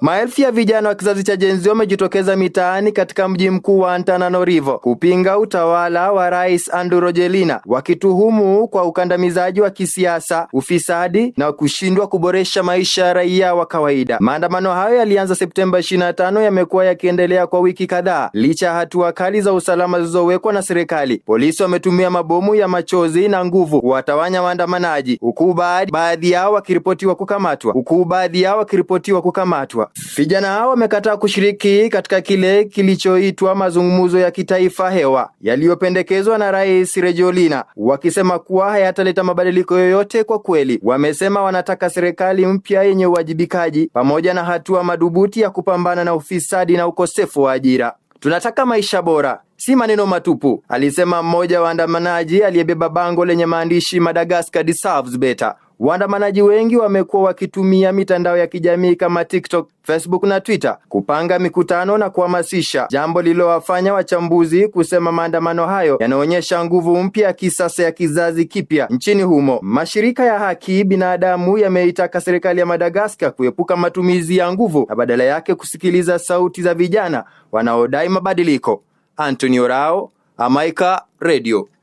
Maelfu ya vijana wa kizazi cha Gen Z wamejitokeza mitaani katika mji mkuu wa Antananarivo kupinga utawala wa Rais Andry Rajoelina, wakituhumu kwa ukandamizaji wa kisiasa, ufisadi na kushindwa kuboresha maisha ya raia wa kawaida. Maandamano hayo yalianza Septemba 25, yamekuwa yakiendelea kwa wiki kadhaa. Licha ya hatua kali za usalama zilizowekwa na serikali, polisi wametumia mabomu ya machozi na nguvu kuwatawanya waandamanaji, huku baadhi yao wakiripotiwa kukamatwa huku baadhi yao wakiripotiwa kukamatwa. Vijana hao wamekataa kushiriki katika kile kilichoitwa mazungumzo ya kitaifa hewa yaliyopendekezwa na Rais Rejolina, wakisema kuwa hayataleta mabadiliko yoyote. Kwa kweli, wamesema wanataka serikali mpya yenye uwajibikaji pamoja na hatua madhubuti ya kupambana na ufisadi na ukosefu wa ajira. Tunataka maisha bora, si maneno matupu, alisema mmoja wa waandamanaji aliyebeba bango lenye maandishi Madagascar deserves better. Waandamanaji wengi wamekuwa wakitumia mitandao ya kijamii kama TikTok, Facebook na Twitter kupanga mikutano na kuhamasisha, jambo lililowafanya wachambuzi kusema maandamano hayo yanaonyesha nguvu mpya ya kisasa ya kizazi kipya nchini humo. Mashirika ya haki binadamu yameitaka serikali ya Madagaskar kuepuka matumizi ya nguvu na badala yake kusikiliza sauti za vijana wanaodai mabadiliko. Antonio Rao, Amaica Radio.